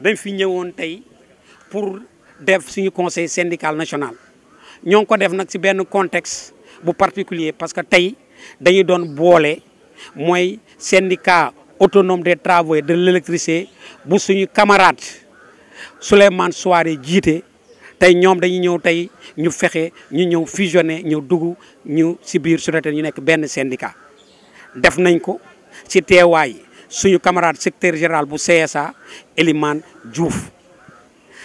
dañ fi ñëwoon tey pour def suñu conseil syndical national ñoo ngi ko def nag si benn contexte bu particulier parce que tey dañuy doon boole mooy syndicat autonome des travaux de l'électricité bu suñu camarade Souleymane Souare jiite tey ñoom dañuy ñëw tey ñu fexe ñu ñëw fusionné ñu dugg ñu ci biir SONATEL ñu nekk benn syndicat def nañ ko ci teewaay suñu camarade secteur général bu CSA Elimane Diouf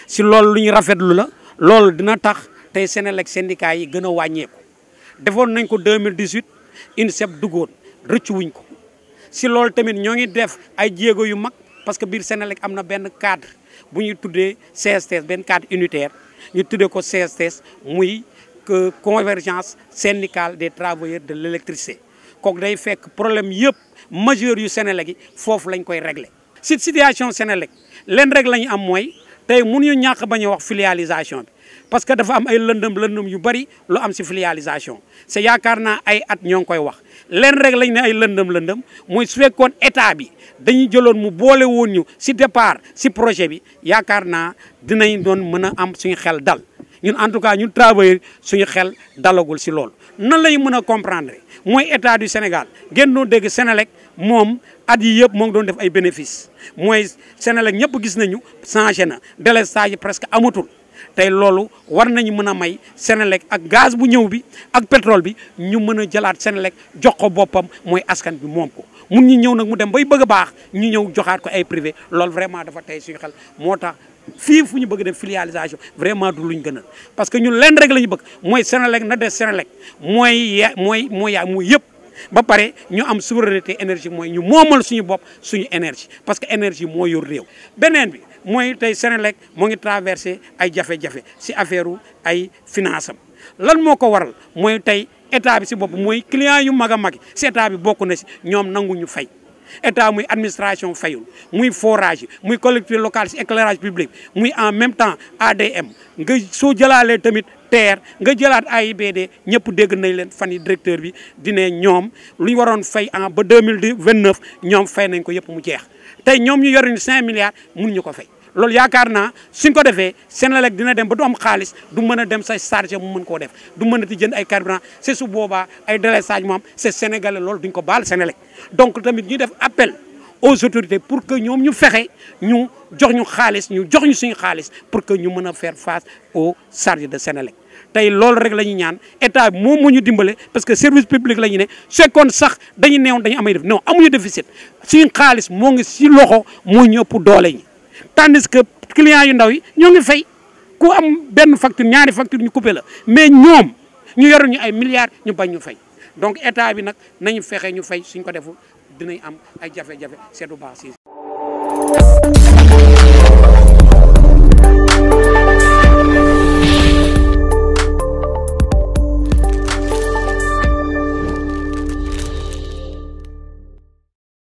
si loolu lu ñu rafetlu la loolu dina tax tey Senelec syndicat yi gën a wàññeeku defoon nañ ko 2018 INSEP duggoon rëcc wuñ ko si loolu tamit ñoo ngi def ay jéego yu mag parce que biir Senelec am na benn cadre bu ñuy tuddee CSTS benn cadre unitaire ñu tuddee ko CSTS muy convergence syndicale des travailleurs de l' électricité kooku day fekk problème yëpp majeur yu Sénélec yi foofu lañ koy regle si situation Sénélec leen rek la ñu am mooy tey mënuñu ñàkk ba ñu wax filialisation bi parce que dafa am ay lëndëm lëndëm yu bari loo am si filialisation se yaakaar naa ay at ñoo ngi koy wax lenn rek lañ ne ay lëndëm lëndëm mooy su fekkoon état bi dañu jëloon mu boole woon ñu si départ si projet bi yaakaar naa dinañ doon mën a am suñu xel dal ñun en tout cas ñun travailleur suñu xel dalagul si loolu nan lay mën a comprendre mooy état du Sénégal ngeen doon dégg Sénélec moom at yi yëpp moo ngi doon def ay bénéfice mooy Sénélec ñëpp gis nañu changé na délestage yi presque amatul tey loolu war nañu mën a may Sénélec ak gaz bu ñëw bi ak pétrole bi ñu mën a jëlaat Sénélec jox ko boppam mooy askan bi moom ko mun ñu ñëw nag mu dem bay bëgg a baax ñu ñëw joxaat ko ay privé loolu vraiment dafa tey suñu xel moo tax fii fu ñu bëgg def filialisation vraiment du luñ gënal parce que ñun lenn lañu bëgg mooy Senelec na des Senelec mooy mooy mooy yaa mooy yëpp ba pare ñu am souveraineté énergie mooy ñu moomal suñu bopp suñu énergie parce que énergie moo yor réew beneen bi mooy tey Senelec moo ngi traversé ay jafe-jafe si affaire u ay finance lan moo ko waral mooy tey état bi si bopp mooy client yu mag a mag si état bi bokk na si ñoom nangu ñu fay état muy administration fayul muy forage muy collectivité locale éclairage public muy en même temps ADM nga so jëlaalee tamit terre nga jëlat AIBD ñëpp dégg nañ leen fan directeur bi dine ñom lu waron fay en ba 2029 ñom fay nañ ko yëpp mu jeex tay ñom ñu yoruñu cinq milliards mun ñu ko fay loolu yakarna suñ ko defee Senelec dina dem ba du am xaalis du mën dem sa charger mu mën ko def du mën ti jënd ay carburant c'est su boba ay mu am c'est sénégalais loolu duñ ko bal Senelec donc tamit ñu def appel aux autorités pour que ñom ñu fexé ñu jox ñu xaalis ñu jox ñu suñ xaalis pour que ñu mën faire face au charge de Senelec tay loolu rek lañu ñaan état mo moo ñu dimbale parce que service public lañu né ne kon sax dañu néw dañu amay def non amuñu déficit suñ xaalis mo ngi si loxo mo ñëpp doole ñi tandis que clients yu ndaw yi ñoo ngi fay ku am benn facture ñaari facture ñu coupé la mais ñoom ñu yoruñu ay milliards ñu bañ ñu fay donc état bi nag nañu fexe ñu fay suñ ko deful dinañ am ay jafe-jafe seetu baax si